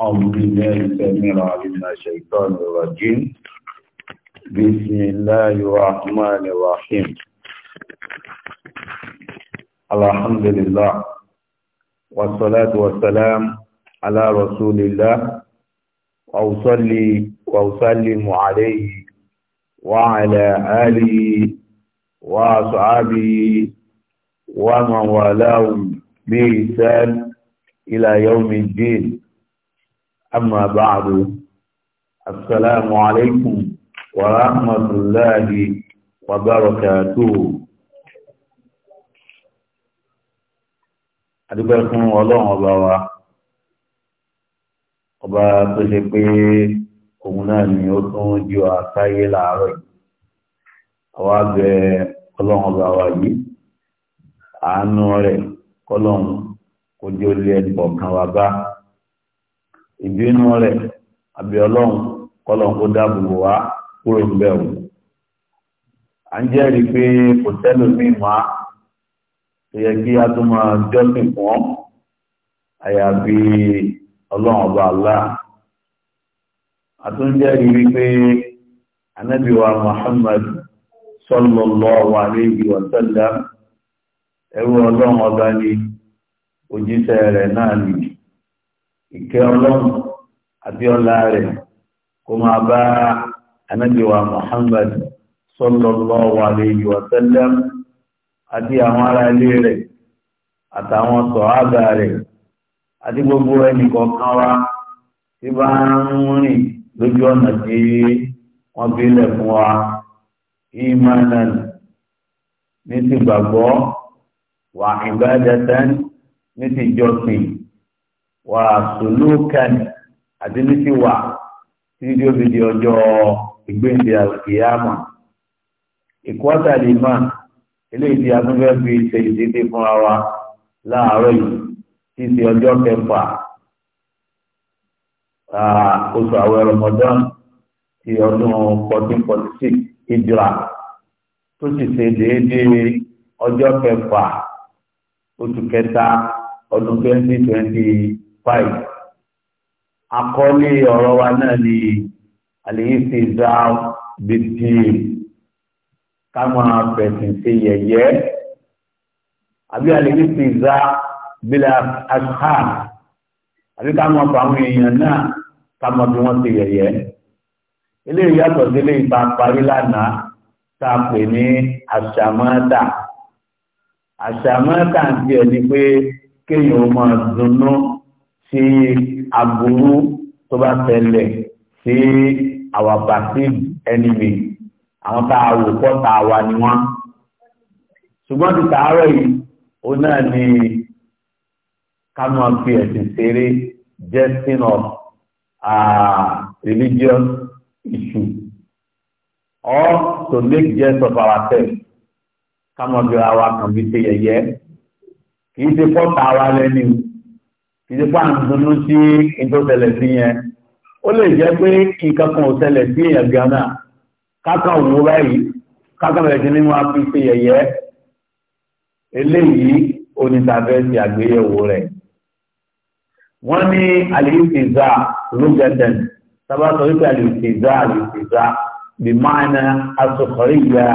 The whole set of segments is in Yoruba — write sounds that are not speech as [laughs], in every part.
أعوذ بالله السميع العليم من الشيطان الرجيم بسم الله الرحمن الرحيم الحمد لله والصلاة والسلام على رسول الله وأصلي وأسلم عليه وعلى آله وأصحابه ومن والاه بإحسان إلى يوم الدين أما بعد السلام عليكم ورحمة الله وبركاته adúgbò fún ọlọ́run ọba wa ọba tó ṣe pé òun náà ni ó tún jí wa sáyé láàárọ̀ yìí àwa bẹ ọlọ́run ọba wa yìí àánú rẹ̀ kọ́lọ́run kó jẹ́ ó lé ẹnì kọ̀ọ̀kan wa bá ìbínú rẹ̀ àbí ọlọ́run kọlọ́run kó dáàbò wá kúrò ń bẹ̀ wò. à ń jẹ́rìí pé kò tẹ́lòmíì máa tó yẹ kí a tún máa jọ́sìn fún ọ́ ọlọ́run ọba wípé anábìwa Muhammad sallallahu ọba ni rẹ̀ náà nìyí. ìkẹ́ ọlọ́run abíọ́lá rẹ̀ kó máa bá anábìwà Muhammad sallallahu alayhi wa sallam àti àwọn ará ilé rẹ̀ àtàwọn sọ̀hábà rẹ̀ àti gbogbo ẹnì kọ̀ọ̀kan wa tí bá ń rìn lójú ọ̀nà tí wọ́n fi lẹ̀ fún wa imanan ní ti gbàgbọ́ wà ìbádatan ní ti jọ́sìn. wà sùlùkàn àti wà títí ó ọjọ́ ìgbéǹde àkìyàmọ̀ ìkọ́tà lè mà eléyìí tí a tún fẹ́ fi ṣe ìdíje fúnra wa láàárọ̀ yìí títí ọjọ́ kẹfà oṣù àwẹ̀ ti ọdún fourteen forty six hijra tó sì ṣe déédéé ọjọ́ kẹfà oṣù kẹta ọdún báyìí àkọlé ọ̀rọ̀ wa náà ni àlèyíṣẹ́ ìzá bìtì káwọn afẹ̀sìn ṣe yẹ̀yẹ́ àbí àlèyíṣẹ́ ìzá bílẹ̀ àṣà àbí káwọn ọ̀pọ̀ àwọn èèyàn náà káwọn bí wọ́n ṣe yẹ̀yẹ́ eléyìí yàtọ̀ sí eléyìí bá parí lánàá tá a pè ní àṣàmọ́tà àṣàmọ́tà ń tiẹ̀ ni pé kéèyàn máa dunnú tí aburú tó bá tẹ̀lẹ̀ sí our vaccine enemy àwọn tá a wò pọ̀ tá a wà ní wọn. ṣùgbọ́n ti tàárọ̀ yìí ó náà ní ká máa ẹ̀sìn ṣeré jesting of religious issue or to make jest of ourself, ká máa bí ara wa kàn fi ṣe yẹ̀yẹ́ kì í ṣe pọ̀ tá a wà lẹ́nu ìdí pa àdúnnú sí ìtò tẹ̀lẹ̀ sí yẹn ó lè jẹ́ pé nǹkan kan ò tẹ̀lẹ̀ sí èèyàn gánà káka òun báyìí káka bẹ̀rẹ̀ sí nínú afi ṣe yẹ̀yẹ́ eléyìí onítàfẹ́ ti àgbéyẹ̀wò rẹ̀ wọ́n ní àlìsìzá lógẹ́tẹ̀n sábà wípé àlìsìzá àlìsìzá bí máa asọ̀kọ̀rí ìyá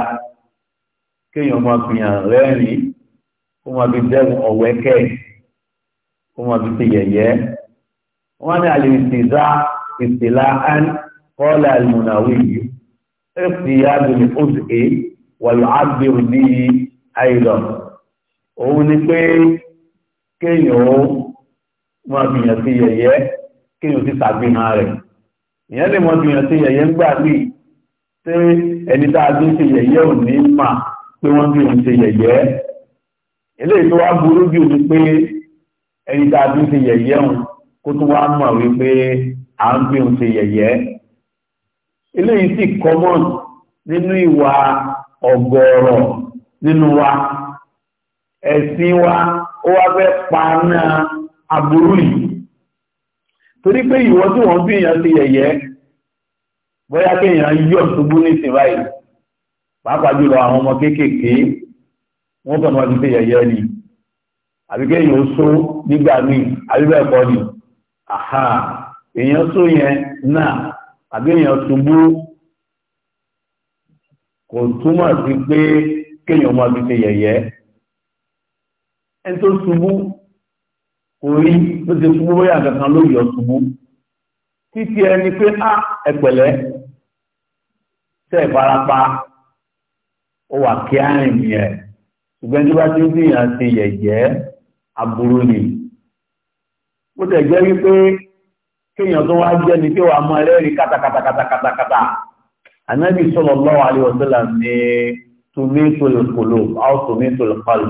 kéèyàn máa fi rẹ́rìn-ín kó máa fi dẹ́rùn ọ̀wẹ́kẹ́ẹ̀ kó wọn fi ṣe yẹ̀yẹ́ wọn ní àlè ìṣèlá ìṣèlá án kọ́lá ìmùnàwí yìí ẹ̀fì adùn oṣù ẹ̀ wàlú ábẹ̀rù ní àìlọ òun ni pé kéèyàn ó wọn fi yàn sí yẹ̀yẹ́ kéèyàn ti ṣàfihàn rẹ̀ ìyẹn lè mọ fi sí yẹ̀yẹ́ ń gbà míì ṣé ẹni tá a ti yẹ̀yẹ́ ò ní mà pé wọ́n fi ń yẹ̀yẹ́ eléyìí tó wá burú jù ni pé ẹni tá a tún ṣe yẹ̀yẹ́ òun kó tún wá mọ̀ wípé à ń bí òun ṣe yẹ̀yẹ́ eléyìí sì common nínú ìwà ọ̀gọ̀ọ̀rọ̀ nínú wa ẹ̀sìn wa ó wá fẹ́ pa náà aburú yìí torí pé ìwọ tí wọ́n bí èèyàn ti yẹ̀yẹ́ bóyá kéèyàn yọ̀ ṣubú ní ìsìn pàápàá jùlọ àwọn ọmọ kéékèèké wọ́n kàn máa fi ṣe yẹ̀yẹ́ ni àbíkẹ́ èèyàn só nígbà míì àbíbẹ̀ ẹ̀kọ́ ni àhà èèyàn só yẹn náà àbí èèyàn ṣubú kò túmọ̀ sí pé kéèyàn máa fi ṣe yẹ̀yẹ́ ẹni tó ṣubú kò rí ló ti ṣubú bóyá kankan ló yọ ṣubú títí ẹni pé á ẹ̀pẹ̀lẹ́ tẹ́ ìfarapa ó wà kí á rìn yẹn ṣùgbọ́n tí bá ti ń fi hàn yẹ̀yẹ́ aburú ni ó tẹ̀ jẹ́ wípé kéèyàn tó wá jẹ́ ni pé wà mọ́ ẹlẹ́rìí kátàkátàkátàkátà anábì sallallahu alaihi wasallam ní tumitul qulub aw tumitul qalb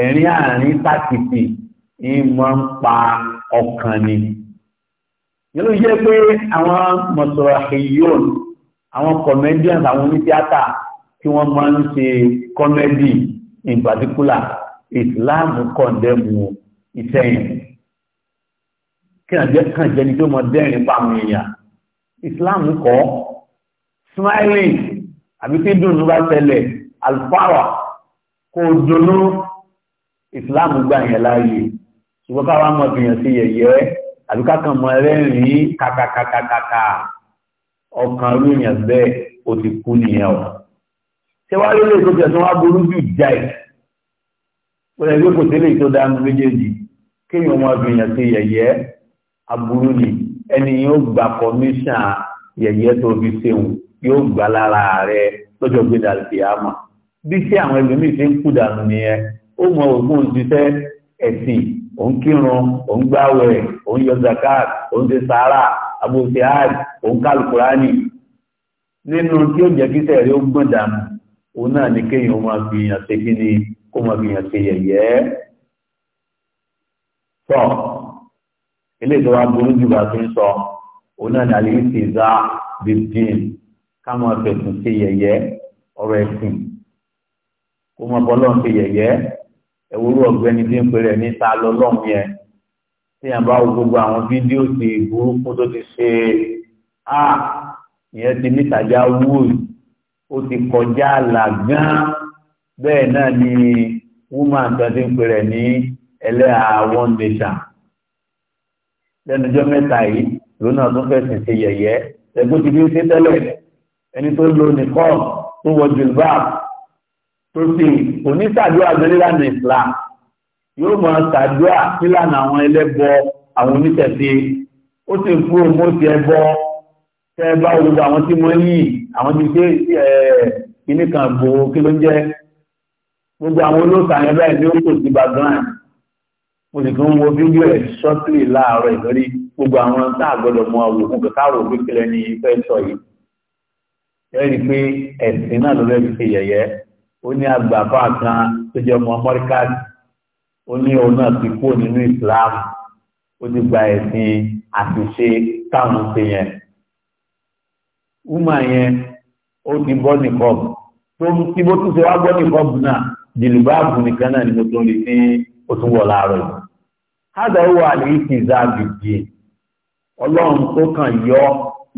ẹ̀rín àárín tàkìtì ní mọ́ ń pa ọkàn ni yẹ́lú jẹ́ pé àwọn mọ̀sọ̀rọ̀hìyón àwọn comedians àwọn onítíátà tí wọ́n máa ń ṣe comedy in particular ìsìláàmù kọ̀ndẹ́mù ìsẹ́yìn kàn jẹ́ni tó mọ dẹ́rìn pàmò èèyàn ìsìláàmù kọ́ smiling àbí tí dùnú bá tẹ̀lẹ̀ alfawa kò dùnú ìsìláàmù gbà yẹn láàyè ṣùgbọ́n káwá mọ̀ fìyàn sí yẹ̀yẹ́ àbí kákan mọ ẹlẹ́rìn kàkàkàkàkà ọkàn rú èèyàn bẹ́ẹ̀ ó ti kú nìyẹn o ṣé wàá lélẹ̀ tó tẹ̀sán wá burú jù jáì wọ́n ẹgbẹ́ kò sílé tó dánú méjèèjì kéèyàn wọn gbìyàn sí yẹ̀yẹ́ aburú ni ẹni yóò gba kọmíṣàn yẹ̀yẹ́ tó fi ṣeun yóò gbà lára rẹ lọ́jọ́ gbéra ìfìyàmọ̀ bí sí àwọn ẹlòmíì ṣe ń kú dànù nìyẹn ó mọ ògùn òṣìṣẹ́ ẹ̀sìn òun kírun òun gbáwẹ̀ òun yọ zakat òun ṣe sàárà abòṣe hajj òun kálukúránì nínú tí ó jẹ́ kí sẹ́ẹ̀rí ó gbọ̀n dànù òun náà ni kéèyàn wọn fi yàn kí ni kó mọ bíyàn ṣe yẹ̀yẹ́ tọ́ ilé ìjọba burú jù bá fi ń sọ òun náà ní alẹ́ ti za bíbíìn ká mọ fẹ̀sùn ṣe yẹ̀yẹ́ ọ̀rọ̀ ẹ̀sìn kó mọ bọ́lọ́ ṣe yẹ̀yẹ́ ẹ̀wúrú ọ̀gbẹ́ni tí ń pèrè ní ta lọ́lọ́run yẹn tí yàn bá wo gbogbo àwọn fídíò ti burúkú tó ti ṣe á ah, ìyẹn ti nítajà wúwo ó ti kọjá àlà gan-an bẹ́ẹ̀ náà ni woman tó ti ń pè rẹ̀ ní ẹlẹ́à one nation lẹ́nujọ́ mẹ́ta yìí ló náà tó fẹ́ sèse yẹ̀yẹ́ ẹgbẹ́ ti fi ń ṣe tẹ́lẹ̀ ẹni tó lo nìkan tó wọ jilbab tó sì oníṣàdúrà gbẹ́lẹ́lànà Islam yóò mọ ṣàdúrà sílànà àwọn ẹlẹ́bọ àwọn oníṣẹ̀ṣe ó sì ń fún òun ó ti ẹbọ tẹ́ bá gbogbo àwọn tí wọ́n yìí àwọn ti ṣe kíní kan gbòó kí ló ń jẹ́ gbogbo àwọn olóòtú àyẹ̀ bẹ́ẹ̀ ni ó kò sí background mo sì tún wo fídíò ẹ̀ ṣọ́tìlì láàárọ̀ ìlórí gbogbo àwọn tá a gbọ́dọ̀ mọ àwò fún kẹta rò pípẹ́lẹ́ ní ìfẹ́ sọ yìí ẹ̀rí pé ẹ̀sìn náà ló fẹ́ fi ṣe yẹ̀yẹ́ ó ní àgbàfà kan tó jẹ́ ọmọ amọ́ríkà ó ní òun náà ti kúrò nínú Islam ó ti gba ẹ̀sìn àṣìṣe táwọn ṣe yẹn wúmà yẹn ó ti bọ́ nìkọ́ọ̀bù tó ń tí bó tún ṣe wá gbọ́ nìkọ́ọ̀bù náà jìlùbáàbù nìkan náà ni mo tún rí sí ó tún wọ̀ láàárọ̀ yìí hádà ó wà ní ìtìzá gbèdé ọlọ́run tó kàn yọ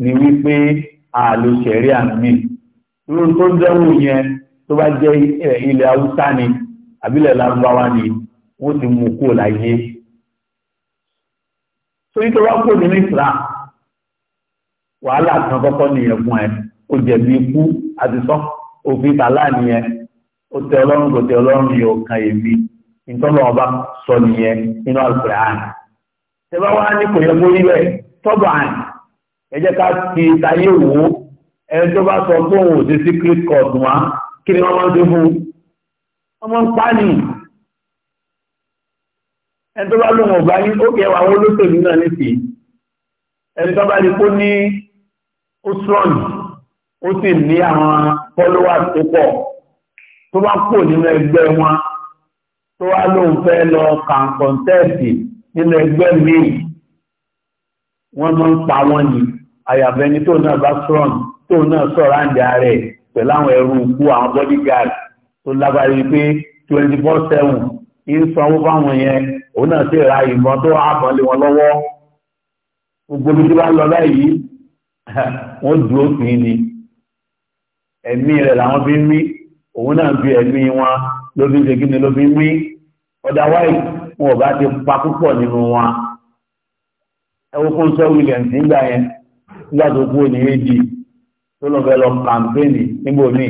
ni wípé àlò ṣẹ̀rí àmì irú tó ń dẹ́wò yẹn tó bá jẹ́ ilẹ̀ haúsá ni àbílẹ̀ lárúbáwá ni wọ́n ti mú kó láyé torí tó bá kó nínú ìsra wàhálà kan kọ́kọ́ nìyẹn fún ẹ ó jẹ̀bi ikú àti sọ́ òfin tàlá nìyẹn ó tẹ ọlọ́run kò tẹ ọlọ́run yóò kan èmi ìtọ́lọ́ ọba sọ nìyẹn nínú Al-Qur'an ṣe bá wá ní kò yẹ kó rí bẹ́ẹ̀ tọ́bọ̀ àn ẹ jẹ́ ká ti tayé wò ó ẹni tó bá sọ pé òun sí secret court wá kí ni wọ́n máa ń dé fún un wọ́n ń pa ni ẹni tó bá lóun ọ̀gbá yín ó kẹ́ àwọn olóṣèlú náà nísìnyí ẹni tó bá rí kó ní ó strong ó sì ní àwọn followers tó pọ̀ tó bá kò nínú ẹgbẹ́ wọn tó wá lóun fẹ́ lọ kàǹkọ̀ǹtẹ́ẹ̀sì nínú ẹgbẹ́ míì wọ́n máa ń pa wọ́n ni àyàfẹ́ ni tóun náà bá strong tóun náà sọ̀rọ̀ àǹdà rẹ̀ pẹ̀lú àwọn ẹrú ikú àwọn bodyguard tó lágbára yìí pé twenty four seven ń sanwó fáwọn yẹn òun náà sì ra ìbọn tó àbọ̀n lé wọn lọ́wọ́ gbogbo bí tí wọ́n lọ báyìí [laughs] wọ́n dúró sí ni ẹ̀mí rẹ̀ làwọn fi ń mí òun náà bí ẹ̀mí wọn ló fi ń ṣe kíni ló fi ń wí ọ̀dà wáyé wọn ò bá ti pa púpọ̀ nínú wọn ẹwọ́ kó ń sọ Williams nígbà yẹn nígbà tó kú ní méjì tó lọ fẹ́ lọ kàmpéènì nígbò míì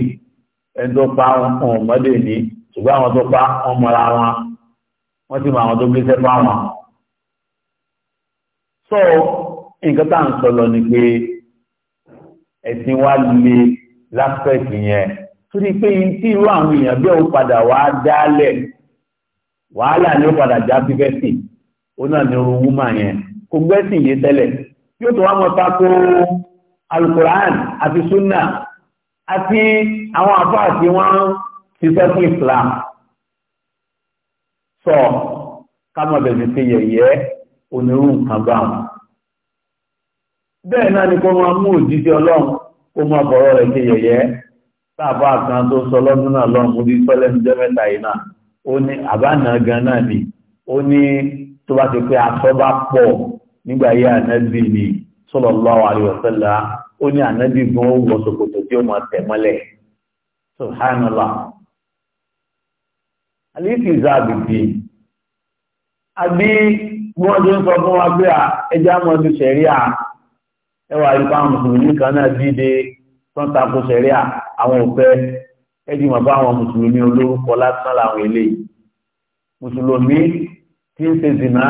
ẹni tó pa wọn ọmọdé ní ṣùgbọ́n àwọn tó pa wọn mọ́ra wọn wọ́n sì mọ àwọn tó gbé sẹ́fà wọn. sọ nǹkan tá à ń sọ lọ ni pé ẹ̀sìn wa le láspẹ̀tì yẹn torí pé yín tí irú àwọn èèyàn bẹ́ẹ̀ ó padà wá dálẹ̀ wàhálà ni ó padà já sí fẹ́sìn ó náà ní orun wúmà yẹn kò gbẹ́sìn yé tẹ́lẹ̀ yóò tó wá mọ́ tako alukoran àti sunna àti àwọn àfáà tí wọ́n ti sọ fún Islam sọ kámọ̀ bẹ̀rẹ̀ sí yẹ̀yẹ́ onírú nǹkan bá wọn bẹ́ẹ̀ náà ni kó máa mú òjíṣẹ́ Ọlọ́run kó máa bọ̀rọ̀ rẹ̀ sí yẹ̀yẹ́ sáàbọ̀ àkàn tó sọ lọ́dún náà lọ́n mú bí sọ́lẹ̀ ń jẹ́ mẹ́ta yìí náà ó ní àbánà gan náà ni ó ní tó bá ti pé aṣọ bá pọ̀ nígbà yí ànábì ni sallallahu alaihi wasallam ó ní ànábì gan ó wọ ṣòkòtò tí ó máa tẹ̀ mọ́lẹ̀ subhanallah àlífì ẹwà ìpamọ́ mùsùlùmí kan náà dídé tó ń takò sẹ̀rí àwọn òfẹ́ ẹ̀dì mọ̀ bá àwọn mùsùlùmí olórúkọ lásán làwọn eléyìí mùsùlùmí tí ń ṣe zìnà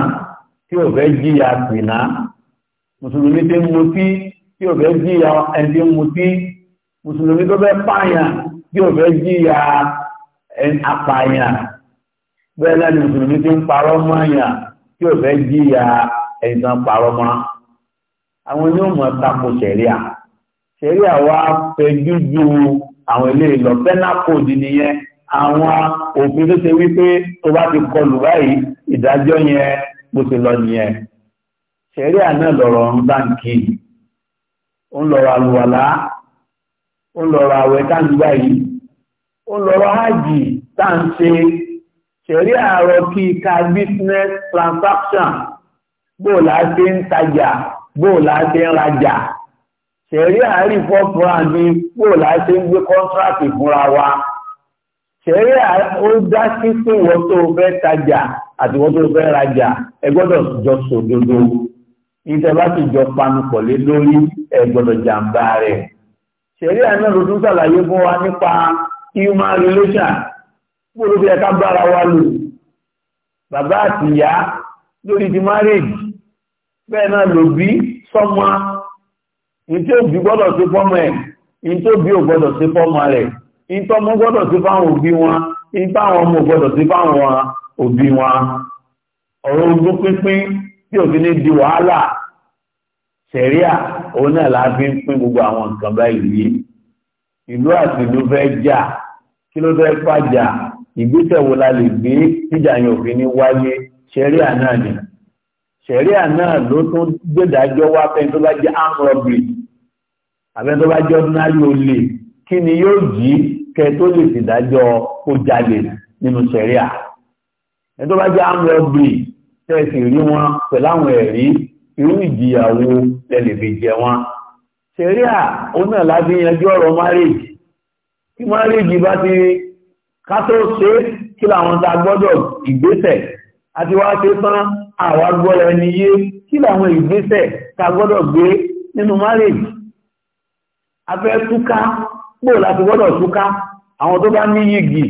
tí ò fẹ́ jìyà zìnà mùsùlùmí tí ń mutí tí ò fẹ́ jìyà ẹni ń mutí mùsùlùmí tó fẹ́ pààyàn tí ò fẹ́ jìyà apààyàn bẹ́ẹ̀ náà ni mùsùlùmí tí ń parọ́ mọ́yàn tí ò fẹ́ jìyà ẹ̀sán parọ́ mọ́ àwọn yóò mọ̀ takò sẹ̀rí à ṣeré àwa fẹjú ju àwọn ilé ìlọ pẹ́nàkòdì nìyẹn àwọn òfin tó ṣe wípé tó bá ti kọlù báyìí ìdájọ́ yẹn bó ṣe lọ nìyẹn ṣeré àná lọ̀rọ̀ ń báǹkì ń lọ̀rọ̀ àlùwàlá ń lọ̀rọ̀ àwẹ̀ táǹgbà yìí ń lọ̀rọ̀ hájì táǹṣe ṣẹ̀rí àrọ kí ká business transaction bóòlá ṣe ń tajà bóòlá ṣe ń rajà ṣẹ̀rí àárín fọ́fúnra ní pò láti ń gbé kọ́ńtrákì fúnra wa ṣẹ̀rí ó dá sí fún wọn tó fẹ́ tajà àti wọn tó fẹ́ rajà ẹ gbọ́dọ̀ jọ sòdodo níta bá ti jọ panupọ̀ lé lórí ẹ gbọ́dọ̀ jàǹbá rẹ̀ ṣẹ̀rí àná tuntun ṣàlàyé fún wa nípa human relation pò ló fi ẹ̀ka bára wa lò bàbá àtìyá lórí ti marriage bẹ́ẹ̀ náà lòbí sọ́mọ́ ìtí òbí gbọ́dọ̀ sí fọ́mọ ẹ̀ ìtí òbí ò gbọ́dọ̀ sí fọ́mọ rẹ̀ ìtí ọmọ gbọ́dọ̀ sí fáwọn òbí wọn ìtí àwọn ọmọ gbọ́dọ̀ sí fáwọn òbí wọn ọ̀rọ̀ ogún pínpín tí òbí ní di wàhálà sẹ̀ríà òun náà la fi ń pín gbogbo àwọn nǹkan báyìí yìí ìlú àti ìlú fẹ́ jà kí ló fẹ́ fàjà ìgbésẹ̀ wo la lè gbé tíjà yẹn òfin ní wáyé sẹ̀ríà náà ni sẹ̀ríà náà ló tún gbẹ̀dájọ́ wá fẹ́ tó bá jẹ́ armed àbẹ́ tó bá jẹ́ ordinary olè kí ni yóò jí kẹ tó lè ṣèdájọ́ kó jalè nínú sẹ̀ríà ẹ tó bá jẹ́ àmọ́ ọ̀gbìn tẹ̀sí rí wọn pẹ̀lú àwọn ẹ̀rí irú ìjìyàwó lẹ́lẹ̀ fi jẹ wọn sẹ̀ríà ó náà láti yanjú ọ̀rọ̀ márèjì tí márèjì bá ti ká tó ṣe kí làwọn ta gbọ́dọ̀ ìgbésẹ̀ àti wá ṣe tán àwa gbọ́ra ẹni yé kí làwọn ìgbésẹ̀ ta gbọ́dọ̀ gbé nínú márèjì afẹ́ túká pò láti gbọ́dọ̀ túká àwọn tó bá ní yìgì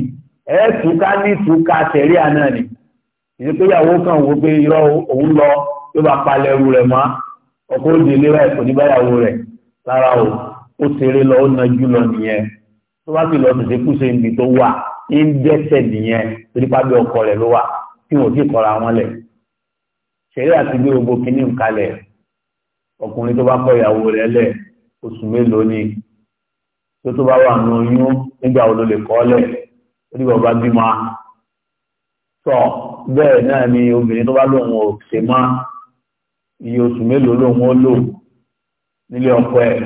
ẹ̀ túká ní túká tẹ̀rí àná ni ìní pé ìyàwó kan wo pé irọ́ òun lọ yóò bá palẹ̀ ẹrù rẹ̀ mọ́ ọkọ̀ òde ilé rẹ̀ ní báyàwó rẹ̀ rárá o ó ṣeré lọ ó najú lọ nìyẹn tó bá sì lọ tètè kú sí ibi tó wà ń dẹ́sẹ̀ nìyẹn torí pàbí ọkọ rẹ̀ ló wà tí wọn ò sì kọ́ra wọn lẹ̀ ṣeré àti gbé gbogbo kínní nǹkalẹ̀ ọkùnrin tó bá kọ ìyàwó rẹ̀ lẹ̀ oṣù mélòó ni tó tó bá wà nù oyún nígbà wo ló lè kọ́lẹ̀ ó dìgbà bá bímọ sọ bẹ́ẹ̀ náà ni obìnrin tó bá lóun ò ṣe mọ́ iye oṣù mélòó lòun ó lò nílé ọkọ ẹ̀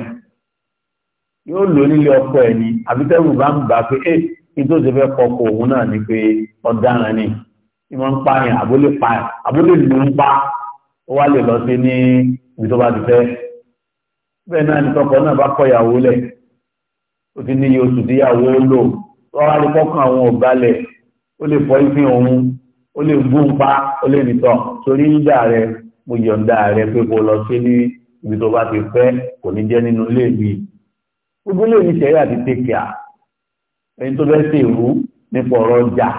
yóò lò nílé ọkọ ẹ̀ ni àbítẹ́wù bá ń gbà pé ẹ́ ìtò ṣe fẹ́ kọkọ òun náà ni pé ọ̀daràn ni ìmọ̀ ń pààyàn àbólé pààyàn àbólé ló ń pa ó wá lè lọ sí ní ibi tó bá ti fẹ́ bẹ́ẹ̀ náà ní tọkọ náà bá kọ̀yàwó lẹ̀ ó ti níye oṣù díyàwó lò rọ́rá lè kọ́kàn àwọn ọ̀gbálẹ̀ ó lè fọ́ ìfín òun ó lè gún pa ó lè nìtọ̀ torí yíyà rẹ mo yọ̀ǹda rẹ pé kò lọ sí ní ibi tó bá ti fẹ́ kò ní jẹ́ nínú ilé mi gbogbo ilé mi ṣẹ̀yà ti tẹ̀kẹ̀ à ẹni tó fẹ́ ṣe ìrú nípa ọ̀rọ̀ ọjà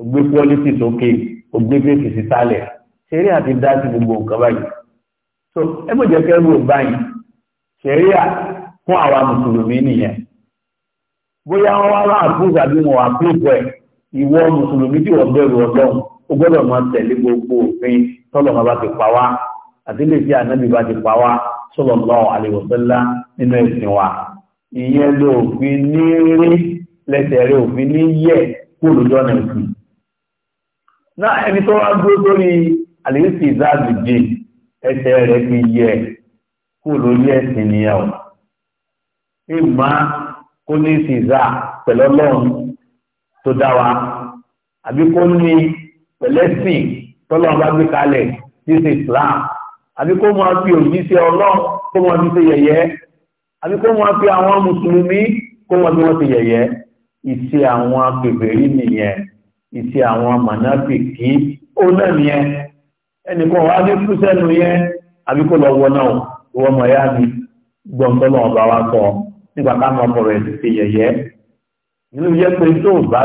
ó gbé pọ́lítì sókè ó gbé gbèsè sísàlẹ̀ ṣeré àti dá sí gbogbo nǹkan báyìí so ẹ mọ̀ jẹ́ kẹ́rù báyìí ṣẹ̀ríà fún àwa mùsùlùmí nìyẹn bóyá wọ́n wá wá àpúùsù àbí wọn wà púùpù ẹ̀ ìwọ mùsùlùmí tí wọ́n bẹ̀rù ọlọ́run ó gbọ́dọ̀ máa tẹ̀lé gbogbo òfin tọ́lọ̀ máa bá ti pa wá àti lè fi ànábì bá ti pa wá sallallahu alaihi wasallam nínú ẹ̀sìn wa ìyẹn ló fi ní rí lẹ́sẹ̀ rẹ̀ òfin ní yẹ̀ kó lójọ́ náà náà ẹni tó wá dúró sórí àlèyé kú lórí ẹ̀sìn nìyẹn o ìmọ̀ kó ní ìsìnzá pẹ̀lú ọlọ́run tó dá wa àbí kó ní pẹ̀lẹ́sìn tọ́lọ́run bá gbé kalẹ̀ ní ti Islam àbí kó máa fi òbí ṣe ọlọ́run kó máa fi ṣe yẹ̀yẹ́ àbí kó máa fi àwọn mùsùlùmí kó máa fi wọ́n ṣe yẹ̀yẹ́ ìṣe àwọn akèbèrè nìyẹn ìṣe àwọn mọ̀nàfìkì ó náà nìyẹn ẹnìkan wàá ní kú sẹ́nu yẹn àbí kó lọ wọ náà ìwọ ọmọ ìyá mi gbọ́n tó lọ́wọ́ bá wa sọ nígbà táwọn ọmọ rẹ̀ ti ṣe yẹ̀yẹ́ inú yẹ pé tó bá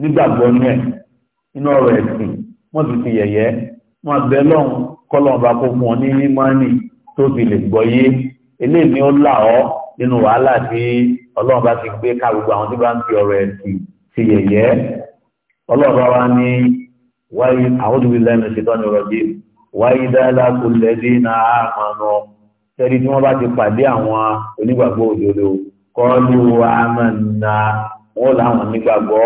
nígbàgbọ́ ní ẹ̀ inú ọ̀rọ̀ ẹ̀sìn wọ́n ti fi yẹ̀yẹ́ wọ́n abẹ́ lọ́hùn kọ́lọ́n bá kó fún ọ ní mímánì tó fi lè gbọ́ yé eléyìí ni ó là ọ́ nínú wàhálà tí ọlọ́run bá ti gbé ká gbogbo àwọn tí bá ń fi ọ̀rọ̀ ẹ̀sìn ti yẹ̀yẹ́ ọlọ́run bá wa ní wáyé àwọn òdùbí lẹ́nu ṣetán ní ọ̀rọ̀ bíi wáyídá lákùlẹ̀dé náà àmànà tẹ́rí tí wọ́n bá ti pàdé àwọn onígbàgbọ́ òdodo kọlu àmànà wọ́n láwọn onígbàgbọ́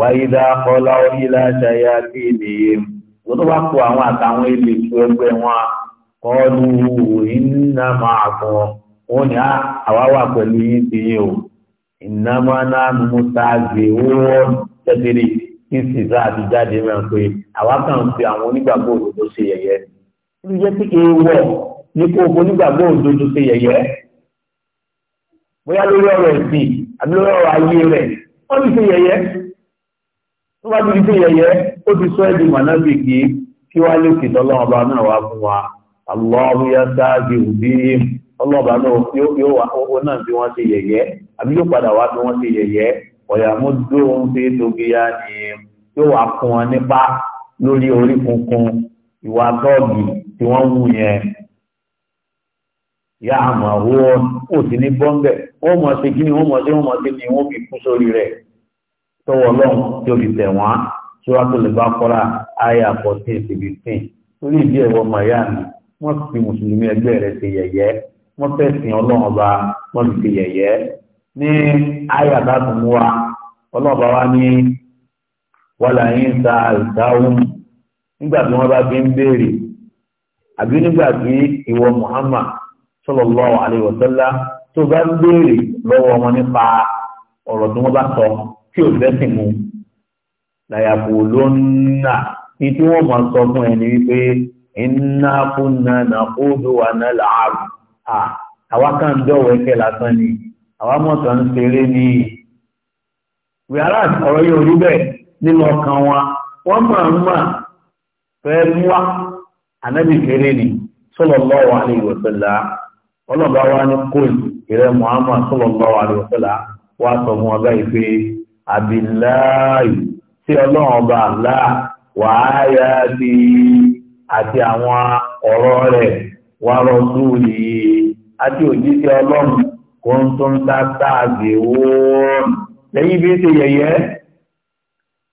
wáyídá kọlá orílá ṣayá tí ènìyàn wọ́n tó bá kó àwọn àtàwọn ilé tó ẹgbẹ́ wọn kọlu iná máa fún wọn ni àwa wà pẹ̀lú yín ti yín o iná náà mú sáà gbé wọ́n tẹ́tẹ́rì kí sì sáà ti jáde mẹ́rin pé àwa kàn ń fi àwọn onígbàgbọ́ òdodo ṣe yẹ̀yẹ́ ní jẹ́ pé èèwọ̀ ní kó o onígbàgbọ́ òdodo ṣe yẹ̀yẹ́ bóyá lórí ọ̀rọ̀ ẹ̀sìn àbí lórí ọ̀rọ̀ ayé rẹ̀ wọ́n ti ṣe yẹ̀yẹ́ tó bá ti ṣe yẹ̀yẹ́ ó ti sọ ẹ̀dùn mọ̀nàbì kí kí wá lè kì tọ́lọ́wọ́n bá náà wá fún wa Allahu yasagi òbí ọlọ́ọ̀bá náà yóò wá owó náà bí wọ́n ṣe yẹ̀yẹ́ àbí yóò padà wá bí wọ́n ṣe yẹ̀yẹ́ ọ̀yàmú dóhun fi tóbi yá ni yóò wá fún wọn nípa lórí orí kunkun ìwà tọ́ọ̀gì tí wọ́n wù yẹn ìyá àmọ́ àwọn ò sí ní bọ́ńbẹ̀ wọ́n mọ̀ ṣe kí ni wọ́n mọ̀ ṣe wọ́n mọ̀ ṣe ni wọ́n fi kú sórí rẹ̀ tọwọ́ ọlọ́run tí ó fi tẹ̀ wọ́n Suratul Baqara àyà fourteen seventeen torí ìdí ẹ̀rọ ọmọ mi wọ́n fi mùsùlùmí ẹgbẹ́ rẹ̀ ṣe yẹ̀yẹ́ wọ́n fẹ́ sìn ọlọ́run ọba wọ́n fi ṣe yẹ̀yẹ́ ní àyà bá tún wá ọlọ́ọ̀bá wa ní wàlà yín sa àlùtáwùn nígbà tí wọ́n bá fi ń béèrè àbí nígbà tí ìwọ Muhammad sallallahu alaihi wasallam tó bá ń béèrè lọ́wọ́ wọn nípa ọ̀rọ̀ tí wọ́n bá sọ tí ò fẹ́sìn mu làyàpò ló ń nà ní tí wọ́n máa sọ fún ẹni wípé iná kúnna nà kóòdù wà ná làárù à àwa kan dọ̀wọ́ ẹ̀kẹ́ lásán ni àwa mọ̀tàn ń ṣeré ni wíárà ọ̀rọ̀ yóò rí bẹ́ẹ̀. nínú ọkàn wa wọ́n máa ń máa fẹ́ mú wa ànábì kéré ni sallallahu alaihi wa sallam wa ní kóòlù ìrẹ́ Muhammad sallallahu alaihi wa wà sọ fún ọba ìpè àbíláàyù tí ọlọ́run ọba wàáyà bí àti àwọn ọ̀rọ̀ rẹ̀ wà rọ́ọ̀dù yìí àti òjíṣẹ́ ọlọ́run kò ń lẹ́yìn bí ṣe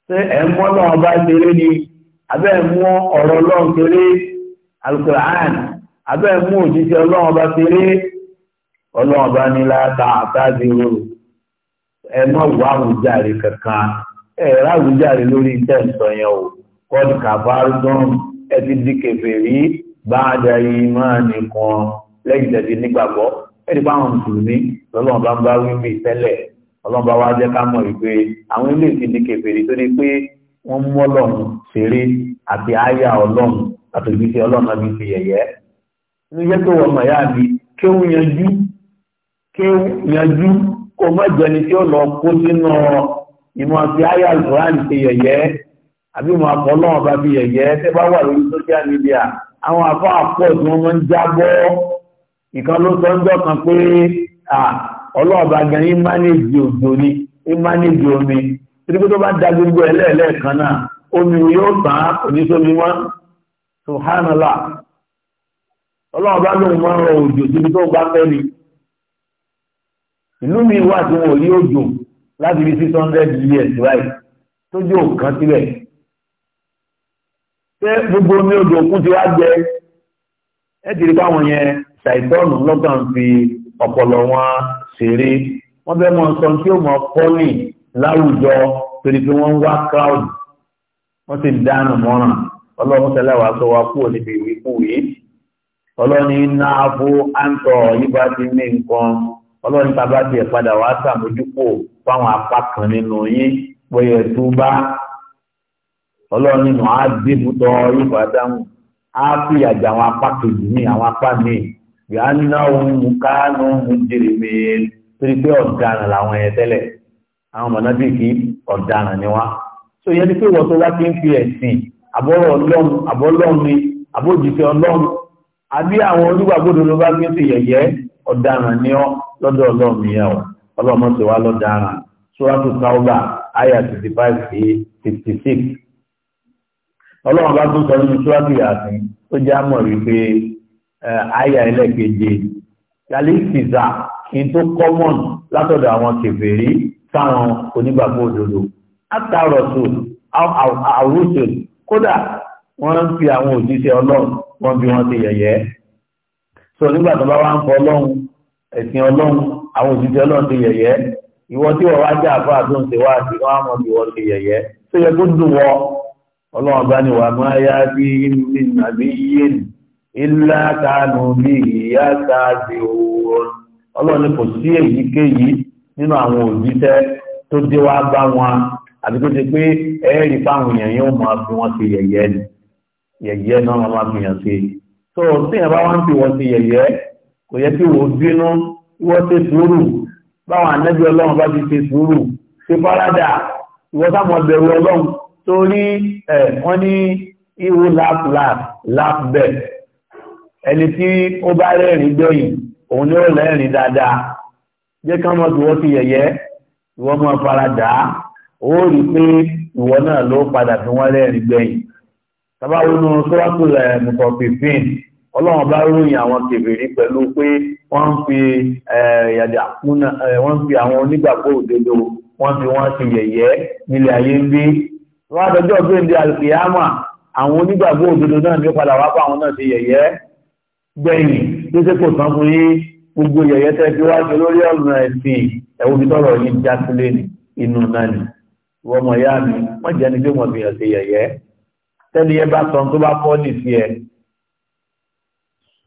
ṣé ẹ̀ náà bá ṣeré ni abẹ́ ẹ̀ mú ọ̀rọ̀ ọlọ́run ṣeré alukur'an abẹ́ ẹ̀ mú òjíṣẹ́ ọlọ́run bá ṣeré ọlọ́run bá ní láta àtàzírò ẹ mọ̀ wá àwùjáre kankan ẹ̀ ráwùjáre lórí iṣẹ́ ìsọ̀ yẹn o kọ́ọ̀dù kàfárúdùn ẹ ti di kèfèrí bá a jẹ ìmọ̀ nìkan lẹ́yìn tẹ̀sí nígbàgbọ́ ẹ̀ ti bá mùsùlùmí lọ́lọ́run bá ń bá wí bí tẹ́lẹ̀ ọlọ́mọba wa jẹ́ ká mọ̀ wípé àwọn ilé ìdíje kèfèrè tó ní pé wọ́n mú ọlọ́run ṣeré àti àyà ọlọ́run àtòjú sí ọlọ́run náà fi yẹ̀yẹ́ ní yẹ́ tó wọ́n mọ̀yá mi kéwú yanjú kéwú yanjú kó má jẹni tí ó lọ kó sínú ìmọ̀ àti àyà alukoran fi yẹ̀yẹ́ àbí ìmọ̀ àpọ̀ ọlọ́run bá fi yẹ̀yẹ́ tẹ́ bá wà lórí social media àwọn àfọ́ àpọ̀ tí wọ́n máa ń jábọ́ ìkan ló sọ ń jọ pé ọlọ́ọ̀bá gan ní mánéjì òjò ní ní mánéjì omi títí tó bá da gbogbo ẹ̀ lẹ́ẹ̀lẹ́ẹ̀kan náà omi yóò tán oníṣomi wọn subhanallah ọlọ́ọ̀bá lóun máa ń òjò síbi tó bá fẹ́ ni ìlú mi wà tí wọn ò rí òjò láti bí six hundred years right tó jẹ́ òkan síbẹ̀ ṣé gbogbo omi odò òkun ti wá jẹ ẹ ti rí báwọn yẹn ṣàìtọ́nù lọ́kàn fi ọpọlọ wọn ṣeré wọ́n fẹ́ mọ sọ tí ó mọ fọ́nì láwùjọ torí pé wọ́n ń wá crowd wọ́n sì dánù mọ́ràn ọlọ́run tẹ́lẹ̀ wàá sọ wá kúrò níbi ìwé fún wèé ọlọ́ni náà fó àǹtọ̀ yíba ti ní nǹkan ọlọ́ni bàbá tiẹ̀ padà wá sàmójúkò fáwọn apá kan nínú yín pẹ̀yẹ tó bá ọlọ́ni nù á dìbò tọ́ yíba dáhùn á fìyà àwọn apá kejì ní àwọn apá míì yàrá òun mú káánù ń jèrè mẹ́rin torí pé ọ̀daràn làwọn ẹ̀ tẹ́lẹ̀ àwọn mọ̀nàbíkì ọ̀daràn ni wá tó yẹ ni pé wọ́n tó wá kí ń fi ẹ̀sìn àbọ̀rọ̀ ọlọ́run àbọ̀lọ́run àbójìṣẹ́ ọlọ́run àbí àwọn onígbàgbọ́dọ̀ ló bá kí ń fi yẹ̀yẹ́ ọ̀daràn ni ọ lọ́dọ̀ ọlọ́run yẹn o ọlọ́mọ ti wá lọ́daràn sóràtú káwọ́bà àyà fifty five sí fifty six ọlọ́run bá tún sọ nínú sóràtú yàtí tó já mọ̀ wípé àyà ẹlẹ́keje yàlẹ́sìzà in tó kọ́mọ̀n látọ̀dọ̀ àwọn kèfèrí sáwọn onígbàgbọ́ òdodo àtàrọ̀tò àwùjọ kódà wọ́n ń fi àwọn òjíṣẹ́ ọlọ́run wọ́n bí wọ́n ti yẹ̀yẹ́ sọ nígbà tó bá wá ń fọ ọlọ́run ẹ̀sìn ọlọ́run àwọn òjíṣẹ́ ọlọ́run ti yẹ̀yẹ́ ìwọ tí wọ́n wá jẹ́ àfọ́ àti oúnjẹ wá àti wọ́n á mọ̀ bí wọ́n ti yẹ̀yẹ́ tó yẹ kó dùn wọ́ ọlọ́run bá ní wà máa yá bí nínú àbí yéènì ilá kanu bí ìyá sáàbì òun ọlọ́run ni kò sí èyíkéyìí nínú àwọn òjíṣẹ́ tó dé wá bá wọn àti tó ṣe pé ẹ̀ẹ́rì fáwọn èèyàn yóò máa fi wọ́n ṣe yẹ̀yẹ́ ni yẹ̀yẹ́ náà máa fi hàn ṣe tó tíyàn bá wá ń fi wọ́n ṣe yẹ̀yẹ́ kò yẹ kí wò bínú ìwọ ṣe sùúrù báwọn ànábì ọlọ́run bá ti ṣe sùúrù ṣe fárádà ìwọ sáwọn bẹ̀rù ọlọ́run torí ẹ̀ wọ́n ní ihu lap lap ẹni tí ó bá rẹ́rìn gbẹ̀yìn òun ni ó rẹ́rìn dáadáa jẹ́ ká mọ̀ tí wọ́n ti yẹ̀yẹ́ ìwọ́n mọ̀ faradà ó rí pé ìwọ náà ló padà fi wọ́n rẹ́rìn gbẹ̀yìn tabawo nu sọ́wọ́tò ẹ̀ mùsọ̀fìfín ọlọ́run bá ròyìn àwọn kèfèrí pẹ̀lú pé wọ́n ń fi ẹ̀yàdà kúnà wọ́n ń fi àwọn onígbàgbọ́ òdodo wọ́n fi wọ́n ṣe yẹ̀yẹ́ nílé ayé ń gbé wọ́n á dọjọ́ gbé ní alùpùpù àwọn onígbàgbọ́ òdodo náà ní padà wá pa àwọn náà ṣe yẹ̀yẹ́ gbẹ̀yìn ló ṣe kò tán fún yí gbogbo yẹ̀yẹ́ tẹ́ fi wáṣẹ lórí ọ̀nà ẹ̀sìn ẹ̀wọ̀n mi tọrọ yìí ni inú náà ni wọ́n mọ̀ yá mi wọ́n jẹ́ ni pé wọ́n fi hàn sí yẹ̀yẹ́ tẹ́ni yẹn bá sọ tó bá fọ́ nì sí ẹ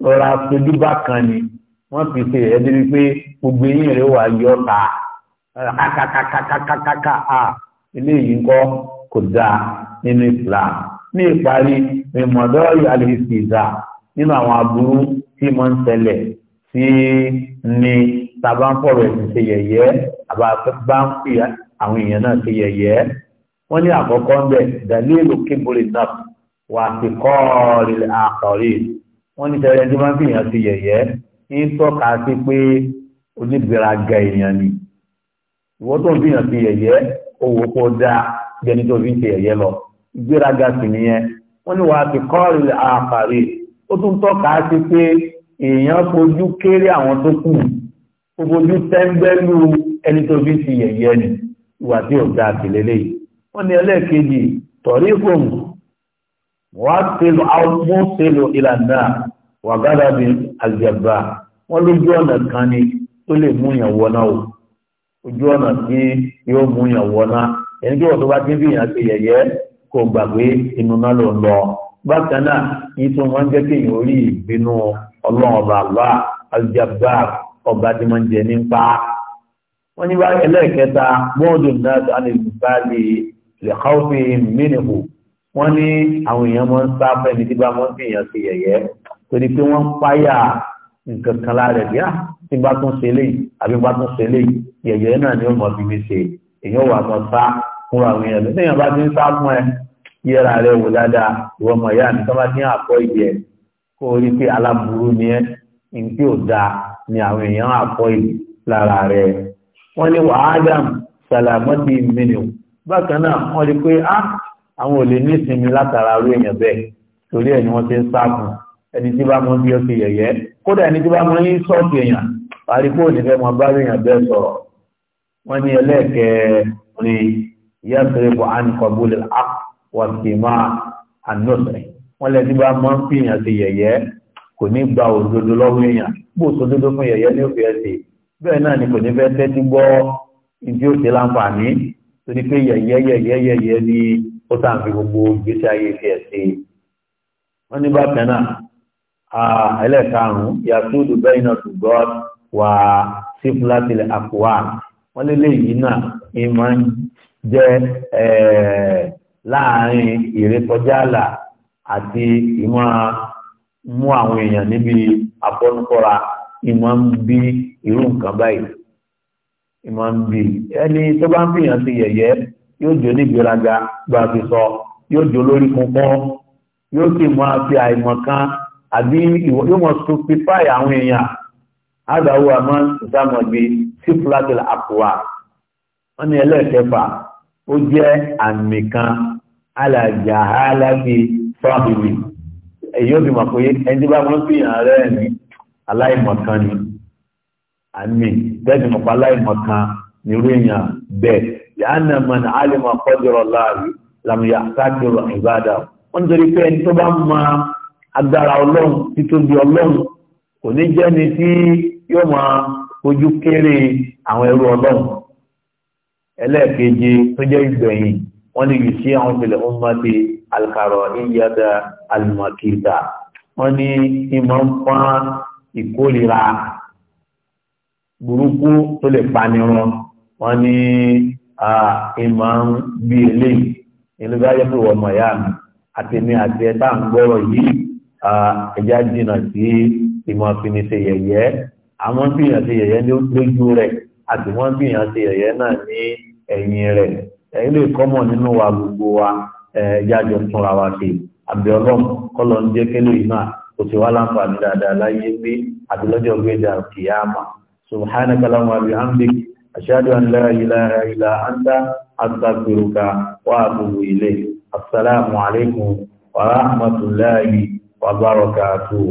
rọra sojú bá kan ni wọ́n fi ṣe yẹ̀yẹ́ débi pé gbogbo eyín rẹ̀ wà yọ ta kàkàkàkàkàkà nínú àwọn aburú tí mo ń tẹ̀lẹ̀ tí ni tàbá ń fọ̀rọ̀ ẹ̀sìn ṣe yẹ̀yẹ́ àbá bá ń fi àwọn èèyàn náà ṣe yẹ̀yẹ́ wọ́n ní àkọ́kọ́ ń bẹ̀ dalilu kibri náà wà sí kọ́ọ̀rì àkọ́rí wọ́n ní tẹ̀lẹ̀ tí wọ́n fi èèyàn ṣe yẹ̀yẹ́ ń tọ́ka sí pé onígbèraga èèyàn ni ìwọ́n tó ń fi èèyàn ṣe yẹ̀yẹ́ owó kó dáa jẹ́ni tó fi ń ṣe yẹ̀yẹ́ lọ ìgbéraga sì nìyẹn wọ́n ní wà sí kọ́ọ̀rì àkọ́rí ó tún tọ́ka sí pé èèyàn fojú kéré àwọn tó kù ó fojú tẹ́ńgbẹ́lú ẹni tó fi ti yẹ̀yẹ́ ni ìwà tí ò ga sí lélẹ́yìí wọ́n ní ẹlẹ́ẹ̀kejì tọ̀rí fòun wọ́n á tẹ̀lé àwọn tẹ̀lé ìlànà wàgádà bí àjẹbà wọ́n lójú ọ̀nà kan ni tó lè mú yàn wọná o ojú ọ̀nà tí yóò mú yàn wọná ẹni tí wọ́n tó bá ti ń yàn sí yẹ̀yẹ́ kò gbàgbé inú náà ló ń lọ bákan náà yìí tó máa ń jẹ́ kí èèyàn rí ìbínú ọlọ́run ọba àlá aljabba ọba tí máa ń jẹ nípa. wọ́n ní báyìí ẹlẹ́ẹ̀kẹta bọ́ọ̀dù náà tó á lè gbà lè lè káwọ́pì mínìhù wọ́n ní àwọn èèyàn máa ń sá fẹ́ni tí bá máa ń fi èèyàn ṣe yẹ̀yẹ́ torí pé wọ́n ń páyà nǹkan kan lára bí ah bá tún ṣe léyìí àbí bá tún ṣe léyìí yẹ̀yẹ́ náà ni ó mọ̀ bí mi ṣe èèyàn wà mọ̀ sá fún àwọn èèyàn yẹra rẹ wò dáadáa ìwọ ọmọ ìyá mi sábà ní àpọ ìdí ẹ kó o rí pé aláburú ni ẹ nǹkan ò dáa ni àwọn èèyàn àpọ ìdí lára rẹ wọn ní wà ádám sàlámọtì mìíràn bákan náà wọn rí pé á àwọn ò lè ní ìsinmi látara arú èèyàn bẹ́ẹ̀ torí ẹ ni wọn ti ń sáàkùn ẹni tí bá mọ bí ó ti yẹ̀yẹ́ kódà ẹni tí bá mọ yín sọọkì èèyàn àríkó ònífẹ mọ bá èèyàn bẹ́ẹ̀ sọ̀rọ̀ wọn ní ẹlẹẹkẹẹ ni yẹn fẹrẹ bọ ànkọbùlẹ àpò wàtìmá ànọ́sẹ̀ wọ́n lẹ́ tí bá mọ́ ń fi èèyàn sí yẹ̀yẹ́ kò ní gba òdodo lọ́wọ́ èèyàn bó sódodo fún yẹ̀yẹ́ ní òfin ẹ̀sìn bẹ́ẹ̀ náà ni kò ní fẹ́ tẹ́tí gbọ́ ìdí òsè láǹfààní tó ní pé yẹ̀yẹ́ yẹ̀yẹ́ yẹ̀yẹ́ ni ó tàn fi gbogbo gbèsè ayé fi ẹ̀sìn wọ́n ní bákan náà ẹlẹ́karùn-ún yàtúndù bẹ́ẹ̀ náà tó gbọ́ wà sífúlátìlẹ̀ àkùwà wọ́n lé láàrin ìrékọjá àlà àti ìmọ̀ mú àwọn èèyàn níbi afọ́nukọ́ra ìmọ̀ ń bí irú nǹkan báyìí ìmọ̀ ń bí ẹni tó bá ń fìyàn sí yẹ̀yẹ́ yóò jó ní ìgbéraga gba fi sọ yóò jó lórí kankan yóò sì máa fi àìmọ̀ kan àbí yóò mọ̀ stupefy àwọn èèyàn àgbàwò àmọ́ ìsàmọ̀gbé sí flatil àpòwà wọ́n ní ẹlẹ́ẹ̀kẹfà ó jẹ́ àmì kan alàjàhálàbí sọ́ọ̀bìbì èyí ó fi mọ̀ pé ẹni bá wọ́n fi hàn rẹ̀ ní aláìmọ̀kan ni àmì bẹ́ẹ̀ni mọ̀ pa aláìmọ̀kan ní irú èèyàn bẹ́ẹ̀ yàánà mọ̀nà alìmọ̀ kọ́jọ́rọ̀ láàrin làmùyà sákìrọ̀ ìbádà wọ́n nítorí pé ẹni agbara bá mọ agbára ọlọ́run títóbi ọlọ́run kò ní jẹ́ni tí yóò máa fojú kéré àwọn ẹrú ọlọ́run ẹlẹ́ẹ̀kejì to je wọ́n ní yìí sí àwọn ìpìlẹ̀ ọmọdé alkàrọ̀ ìyàdà alìmọ̀kìta wọ́n ní ìmọ̀ ń pọ́n ìkórira burúkú tó lè panirun wọ́n ní ìmọ̀ ń bí eléyìí ìlú bá yẹ pé wọ́n mọ̀ yá mi àtẹ̀mí àti ẹ̀ta ń gbọ́rọ̀ yìí ẹja jìnnà sí ìmọ̀ finiṣe yẹ̀yẹ́ àwọn fìyàn ṣe yẹ̀yẹ́ lójú rẹ̀ àti wọ́n fìyàn ṣe yẹ̀yẹ́ náà ní ẹ̀yìn rẹ̀ ilé ìkọ́mọ̀ nínú wa gbogbo wa jájọ túnra wa sí àbẹ̀ ọlọ́run kọ́lọ̀ ń jẹ́ kẹ́lẹ̀ iná kò sí wá láǹfààní dáadáa láyé gbé àti lọ́jọ́ gbéjà kìyàmà subhanaka lahumma bihamdik ashhadu wa rahmatullahi wa barakatuh